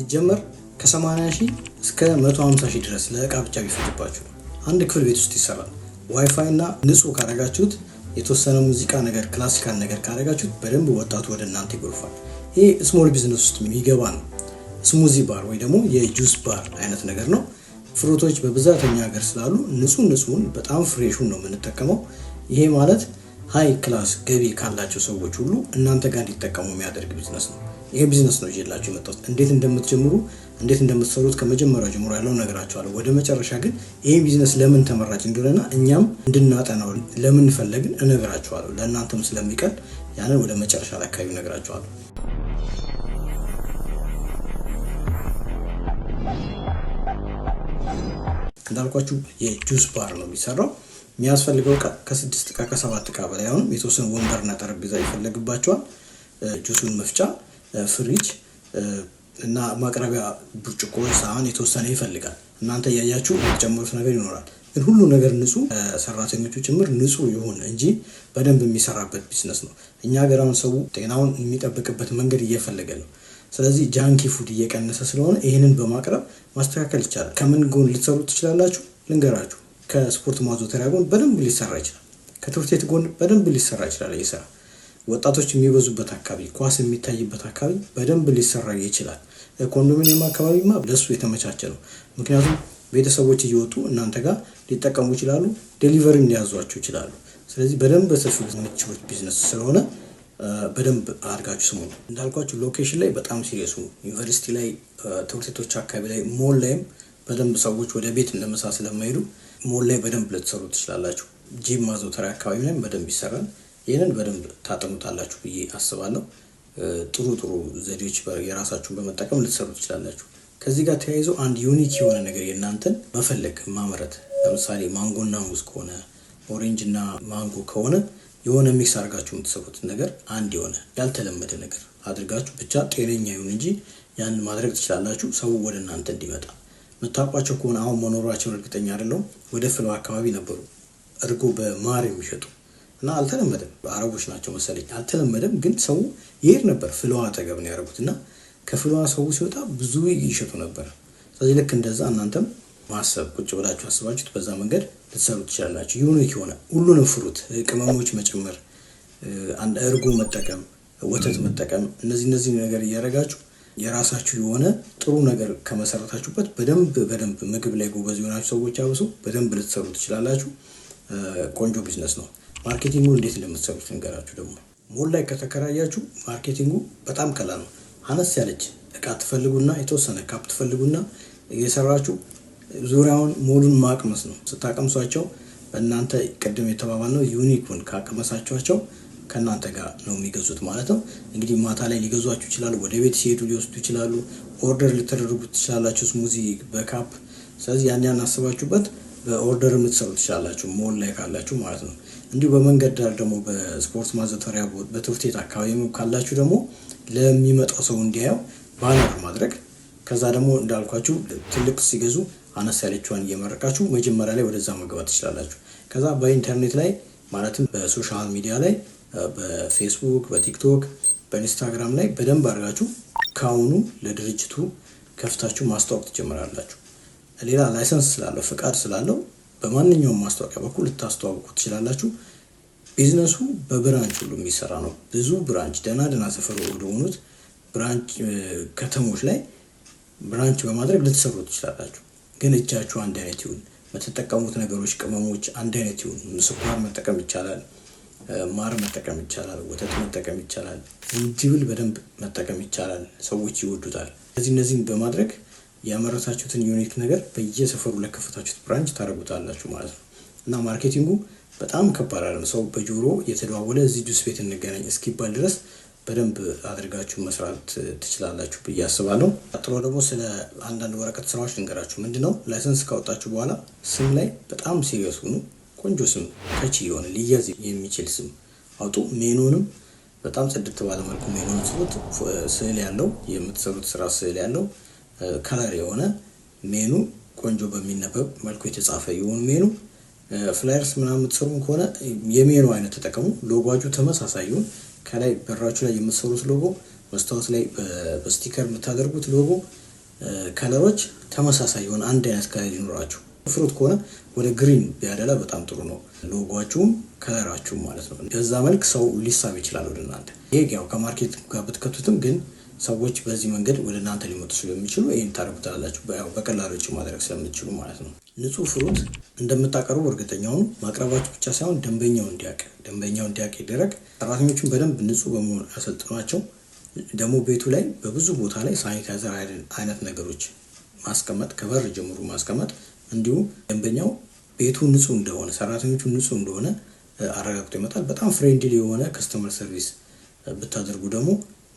ሲጀመር ከ80 ሺህ እስከ 150 ሺህ ድረስ ለእቃ ብቻ ቢፈጅባችሁ አንድ ክፍል ቤት ውስጥ ይሰራል። ዋይፋይ እና ንጹህ ካረጋችሁት የተወሰነ ሙዚቃ ነገር ክላሲካል ነገር ካረጋችሁት በደንብ ወጣቱ ወደ እናንተ ይጎርፋል። ይሄ ስሞል ቢዝነስ ውስጥ የሚገባ ነው። ስሙዚ ባር ወይ ደግሞ የጁስ ባር አይነት ነገር ነው። ፍሩቶች በብዛት እኛ ሀገር ስላሉ ንጹህ ንጹህን በጣም ፍሬሹን ነው የምንጠቀመው። ይሄ ማለት ሀይ ክላስ ገቢ ካላቸው ሰዎች ሁሉ እናንተ ጋር እንዲጠቀሙ የሚያደርግ ቢዝነስ ነው። ይሄ ቢዝነስ ነው ይላችሁ የመጣሁት። እንዴት እንደምትጀምሩ እንዴት እንደምትሰሩት ከመጀመሪያው ጀምሮ ያለው ነገራችኋለሁ። ወደ መጨረሻ ግን ይሄ ቢዝነስ ለምን ተመራጭ እንደሆነና እኛም እንድናጠናው ለምን ፈለግን እነግራችኋለሁ። ለእናንተም ስለሚቀል ያንን ወደ መጨረሻ ላይ አካባቢ እንዳልኳችሁ የጁስ ባር ነው የሚሰራው። የሚያስፈልገው ከስድስት እቃ ከሰባት እቃ በላይ አሁንም የተወሰነ ወንበርና ጠረጴዛ ይፈለግባቸዋል። ጁሱን መፍጫ ፍሪጅ እና ማቅረቢያ ብርጭቆ፣ ሳህን የተወሰነ ይፈልጋል። እናንተ እያያችሁ የተጨመሩት ነገር ይኖራል። ግን ሁሉ ነገር ንጹህ፣ ሰራተኞቹ ጭምር ንጹህ ይሆን እንጂ በደንብ የሚሰራበት ቢዝነስ ነው። እኛ ሀገር አሁን ሰው ጤናውን የሚጠብቅበት መንገድ እየፈለገ ነው። ስለዚህ ጃንኪ ፉድ እየቀነሰ ስለሆነ ይህንን በማቅረብ ማስተካከል ይቻላል። ከምን ጎን ልትሰሩ ትችላላችሁ? ልንገራችሁ። ከስፖርት ማዘውተሪያ ጎን በደንብ ሊሰራ ይችላል። ከትምህርት ቤት ጎን በደንብ ሊሰራ ይችላል። ይህ ወጣቶች የሚበዙበት አካባቢ፣ ኳስ የሚታይበት አካባቢ በደንብ ሊሰራ ይችላል። ኮንዶሚኒየም አካባቢማ ለሱ የተመቻቸ ነው። ምክንያቱም ቤተሰቦች እየወጡ እናንተ ጋር ሊጠቀሙ ይችላሉ፣ ዴሊቨሪ እንዲያዟቸው ይችላሉ። ስለዚህ በደንብ ሰፊ ምቾች ቢዝነስ ስለሆነ በደንብ አድርጋችሁ ስሙ። እንዳልኳችሁ ሎኬሽን ላይ በጣም ሲሪየሱ ዩኒቨርሲቲ ላይ፣ ትምህርት ቤቶች አካባቢ ላይ፣ ሞል ላይም በደንብ ሰዎች ወደ ቤት እንደመሳ ስለማይሄዱ ሞል ላይ በደንብ ልትሰሩ ትችላላችሁ። ጂም ማዘውተሪያ አካባቢ ላይም በደንብ ይሰራል። ይህንን በደንብ ታጠኑታላችሁ ብዬ አስባለሁ። ጥሩ ጥሩ ዘዴዎች የራሳችሁን በመጠቀም ልትሰሩ ትችላላችሁ። ከዚህ ጋር ተያይዞ አንድ ዩኒክ የሆነ ነገር የእናንተን መፈለግ ማምረት፣ ለምሳሌ ማንጎና ሙዝ ከሆነ ኦሬንጅ እና ማንጎ ከሆነ የሆነ ሚክስ አድርጋችሁ የምትሰሩትን ነገር አንድ የሆነ ያልተለመደ ነገር አድርጋችሁ ብቻ ጤነኛ ይሁን እንጂ ያንን ማድረግ ትችላላችሁ። ሰው ወደ እናንተ እንዲመጣ የምታውቋቸው ከሆነ አሁን መኖሯቸውን እርግጠኛ አይደለሁም። ወደ ፍለው አካባቢ ነበሩ እርጎ በማር የሚሸጡ እና አልተለመደም። አረቦች ናቸው መሰለኝ አልተለመደም፣ ግን ሰው ይሄድ ነበር። ፍልዋ አጠገብ ነው ያደረጉት እና ከፍልዋ ሰው ሲወጣ ብዙ ይሸጡ ነበር። ስለዚህ ልክ እንደዛ እናንተም ማሰብ ቁጭ ብላችሁ አስባችሁት በዛ መንገድ ልትሰሩ ትችላላችሁ። ዩኒክ የሆነ ሁሉንም ፍሩት ቅመሞች መጨመር፣ እርጎ መጠቀም፣ ወተት መጠቀም፣ እነዚህ እነዚህ ነገር እያደረጋችሁ የራሳችሁ የሆነ ጥሩ ነገር ከመሰረታችሁበት በደንብ በደንብ ምግብ ላይ ጎበዝ የሆናችሁ ሰዎች አብሶ በደንብ ልትሰሩ ትችላላችሁ። ቆንጆ ቢዝነስ ነው። ማርኬቲንጉ እንዴት እንደምትሰሩት ንገራችሁ። ደግሞ ሞል ላይ ከተከራያችሁ ማርኬቲንጉ በጣም ቀላል ነው። አነስ ያለች እቃ ትፈልጉና የተወሰነ ካፕ ትፈልጉና እየሰራችሁ ዙሪያውን ሞሉን ማቅመስ ነው። ስታቀምሷቸው በእናንተ ቅድም የተባባል ነው ዩኒኩን ካቀመሳችኋቸው ከእናንተ ጋር ነው የሚገዙት ማለት ነው። እንግዲህ ማታ ላይ ሊገዟችሁ ይችላሉ። ወደ ቤት ሲሄዱ ሊወስዱ ይችላሉ። ኦርደር ልትደርጉ ትችላላችሁ። ስሙዚ በካፕ ስለዚህ ያን ያን አስባችሁበት በኦርደር የምትሰሩ ትችላላችሁ። ሞል ላይ ካላችሁ ማለት ነው። እንዲሁ በመንገድ ዳር ደግሞ በስፖርት ማዘተሪያ በትምህርት ቤት አካባቢ ካላችሁ ደግሞ ለሚመጣው ሰው እንዲያየው ባነር ማድረግ ከዛ ደግሞ እንዳልኳችሁ ትልቅ ሲገዙ አነስ ያለችዋን እየመረቃችሁ መጀመሪያ ላይ ወደዛ መግባት ትችላላችሁ። ከዛ በኢንተርኔት ላይ ማለትም በሶሻል ሚዲያ ላይ በፌስቡክ፣ በቲክቶክ፣ በኢንስታግራም ላይ በደንብ አድርጋችሁ ከአሁኑ ለድርጅቱ ከፍታችሁ ማስታወቅ ትጀምራላችሁ። ሌላ ላይሰንስ ስላለው ፍቃድ ስላለው በማንኛውም ማስታወቂያ በኩል ልታስተዋውቁ ትችላላችሁ። ቢዝነሱ በብራንች ሁሉ የሚሰራ ነው። ብዙ ብራንች ደህና ደህና ሰፈር ወደሆኑት ብራንች ከተሞች ላይ ብራንች በማድረግ ልትሰሩ ትችላላችሁ። ግን እጃችሁ አንድ አይነት ይሁን። በተጠቀሙት ነገሮች ቅመሞች አንድ አይነት ይሁን። ስኳር መጠቀም ይቻላል፣ ማር መጠቀም ይቻላል፣ ወተት መጠቀም ይቻላል፣ ዝንጅብል በደንብ መጠቀም ይቻላል። ሰዎች ይወዱታል። እነዚህ እነዚህን በማድረግ ያመረታችሁትን ዩኒክ ነገር በየሰፈሩ ለከፈታችሁት ብራንች ታደረጉታላችሁ ማለት ነው እና ማርኬቲንጉ በጣም ከባድ አለም ሰው በጆሮ የተደዋወለ እዚህ ጁስ ቤት እንገናኝ እስኪባል ድረስ በደንብ አድርጋችሁ መስራት ትችላላችሁ ብዬ አስባለሁ። ቀጥሎ ደግሞ ስለ አንዳንድ ወረቀት ስራዎች ልንገራችሁ። ምንድነው ላይሰንስ ካወጣችሁ በኋላ ስም ላይ በጣም ሲሪየስ ሁኑ። ቆንጆ ስም፣ ከቺ የሆነ ሊያዝ የሚችል ስም አውጡ። ሜኖንም በጣም ጽድት ባለ መልኩ ሜኖን ስሉት፣ ስዕል ያለው የምትሰሩት ስራ ስዕል ያለው ከለር የሆነ ሜኑ ቆንጆ በሚነበብ መልኩ የተጻፈ የሆኑ ሜኑ ፍላየርስ ምናምን የምትሰሩም ከሆነ የሜኑ አይነት ተጠቀሙ። ሎጓጁ ተመሳሳይ ይሁን። ከላይ በራችሁ ላይ የምትሰሩት ሎጎ፣ መስታወት ላይ በስቲከር የምታደርጉት ሎጎ ከለሮች ተመሳሳይ የሆነ አንድ አይነት ከለር ይኖራችሁ። ፍሩት ከሆነ ወደ ግሪን ቢያደላ በጣም ጥሩ ነው። ሎጓችሁም ከለራችሁም ማለት ነው። በዛ መልክ ሰው ሊሳብ ይችላል ወደ እናንተ። ይሄ ያው ከማርኬት ጋር ብትከቱትም ግን ሰዎች በዚህ መንገድ ወደ እናንተ ሊመጡ ስለሚችሉ ይህን ታደርጉታላችሁ በቀላሉ ውጭ ማድረግ ስለምትችሉ ማለት ነው። ንጹህ ፍሩት እንደምታቀርቡ እርግጠኛውን ማቅረባችሁ ብቻ ሳይሆን ደንበኛው እንዲያቅ ደንበኛው እንዲያቅ ይደረግ። ሰራተኞቹን በደንብ ንጹህ በመሆን ያሰልጥኗቸው። ደግሞ ቤቱ ላይ በብዙ ቦታ ላይ ሳኒታይዘር አይነት ነገሮች ማስቀመጥ ከበር ጀምሮ ማስቀመጥ፣ እንዲሁም ደንበኛው ቤቱ ንጹህ እንደሆነ ሰራተኞቹ ንጹህ እንደሆነ አረጋግጦ ይመጣል። በጣም ፍሬንድሊ የሆነ ከስተመር ሰርቪስ ብታደርጉ ደግሞ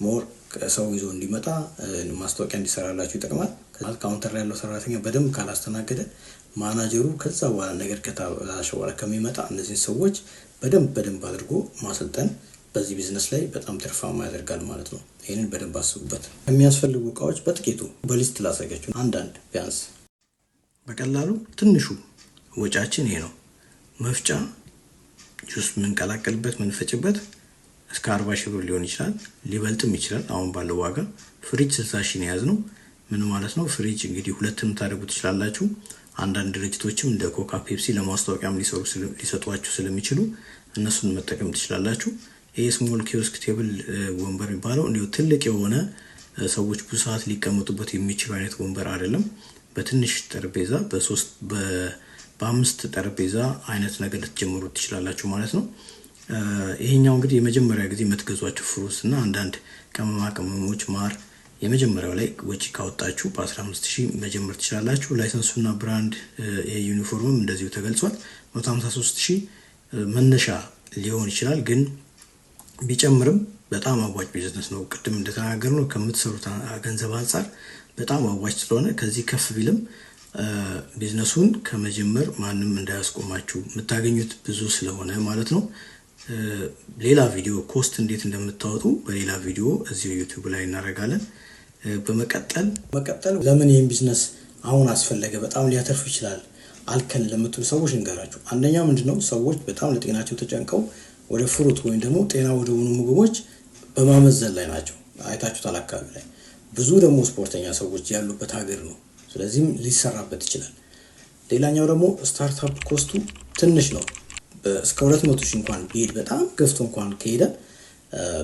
ሞር ሰው ይዞ እንዲመጣ ማስታወቂያ እንዲሰራላችሁ ይጠቅማል። ካውንተር ላይ ያለው ሰራተኛ በደንብ ካላስተናገደ ማናጀሩ ከዛ በኋላ ነገር ከታበላሸ በኋላ ከሚመጣ እነዚህ ሰዎች በደንብ በደንብ አድርጎ ማሰልጠን በዚህ ቢዝነስ ላይ በጣም ትርፋማ ያደርጋል ማለት ነው። ይህንን በደንብ አስቡበት። የሚያስፈልጉ እቃዎች በጥቂቱ በሊስት ላሳያችሁ፣ አንዳንድ ቢያንስ በቀላሉ ትንሹ ወጫችን ይሄ ነው። መፍጫ ጁስ የምንቀላቀልበት ምንፈጭበት እስከ 40 ሺህ ብር ሊሆን ይችላል፣ ሊበልጥም ይችላል። አሁን ባለው ዋጋ ፍሪጅ 60 ሺህ ነው የያዝነው። ምን ማለት ነው? ፍሪጅ እንግዲህ ሁለትም ታደርጉ ትችላላችሁ። አንዳንድ ድርጅቶችም እንደ ኮካ፣ ፔፕሲ ለማስታወቂያም ሊሰጧችሁ ስለሚችሉ እነሱን መጠቀም ትችላላችሁ። ይህ ስሞል ኪዮስክ ቴብል ወንበር የሚባለው እንዲሁ ትልቅ የሆነ ሰዎች ብዙ ሰዓት ሊቀመጡበት የሚችሉ አይነት ወንበር አይደለም። በትንሽ ጠረጴዛ በሶስት በአምስት ጠረጴዛ አይነት ነገር ልትጀምሩ ትችላላችሁ ማለት ነው። ይሄኛው እንግዲህ የመጀመሪያ ጊዜ የምትገዟቸው ፍሩስ እና አንዳንድ ቅመማ ቅመሞች፣ ማር የመጀመሪያው ላይ ወጪ ካወጣችሁ በ15 ሺህ መጀመር ትችላላችሁ። ላይሰንሱና ብራንድ የዩኒፎርምም እንደዚሁ ተገልጿል። 153 ሺህ መነሻ ሊሆን ይችላል ግን ቢጨምርም በጣም አዋጭ ቢዝነስ ነው። ቅድም እንደተናገር ነው ከምትሰሩት ገንዘብ አንጻር በጣም አዋጭ ስለሆነ ከዚህ ከፍ ቢልም ቢዝነሱን ከመጀመር ማንም እንዳያስቆማችሁ የምታገኙት ብዙ ስለሆነ ማለት ነው። ሌላ ቪዲዮ ኮስት እንዴት እንደምታወጡ በሌላ ቪዲዮ እዚሁ ዩቱብ ላይ እናደርጋለን። በመቀጠል መቀጠል ለምን ይህን ቢዝነስ አሁን አስፈለገ በጣም ሊያተርፍ ይችላል አልከን ለምትሉ ሰዎች እንገራችሁ። አንደኛ ምንድነው ሰዎች በጣም ለጤናቸው ተጨንቀው ወደ ፍሩት ወይም ደግሞ ጤና ወደ ሆኑ ምግቦች በማመዘን ላይ ናቸው። አይታችሁታል። አካባቢ ላይ ብዙ ደግሞ ስፖርተኛ ሰዎች ያሉበት ሀገር ነው። ስለዚህም ሊሰራበት ይችላል። ሌላኛው ደግሞ ስታርታፕ ኮስቱ ትንሽ ነው። እስከ ሁለት መቶ ሺህ እንኳን ቢሄድ በጣም ገፍቶ እንኳን ከሄደ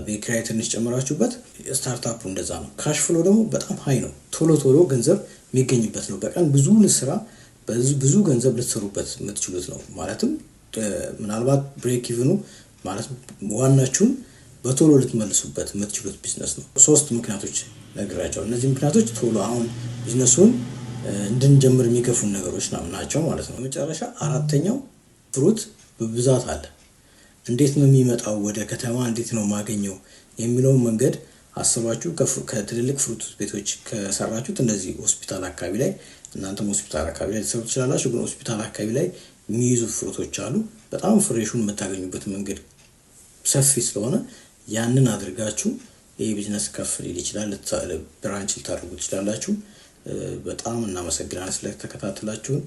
ቤት ትንሽ ጨምራችሁበት፣ ስታርታፑ እንደዛ ነው። ካሽ ፍሎ ደግሞ በጣም ሀይ ነው። ቶሎ ቶሎ ገንዘብ የሚገኝበት ነው። በቀን ብዙ ስራ ብዙ ገንዘብ ልትሰሩበት የምትችሉት ነው። ማለትም ምናልባት ብሬክ ኢቭኑ ማለት ዋናችሁን በቶሎ ልትመልሱበት የምትችሉት ቢዝነስ ነው። ሶስት ምክንያቶች ነግራቸው፣ እነዚህ ምክንያቶች ቶሎ አሁን ቢዝነሱን እንድንጀምር የሚገፉን ነገሮች ናቸው ማለት ነው። መጨረሻ አራተኛው ፍሩት ብብዛት አለ። እንዴት ነው የሚመጣው? ወደ ከተማ እንዴት ነው የማገኘው የሚለውን መንገድ አስባችሁ ከትልልቅ ፍሩት ቤቶች ከሰራችሁት እንደዚህ ሆስፒታል አካባቢ ላይ እናንተም ሆስፒታል አካባቢ ላይ ልትሰሩ ትችላላችሁ። ግን ሆስፒታል አካባቢ ላይ የሚይዙ ፍሩቶች አሉ። በጣም ፍሬሹን የምታገኙበት መንገድ ሰፊ ስለሆነ ያንን አድርጋችሁ ይህ ቢዝነስ ከፍ ሊል ይችላል። ብራንች ልታደርጉ ትችላላችሁ። በጣም እናመሰግናለን ስለተከታተላችሁን።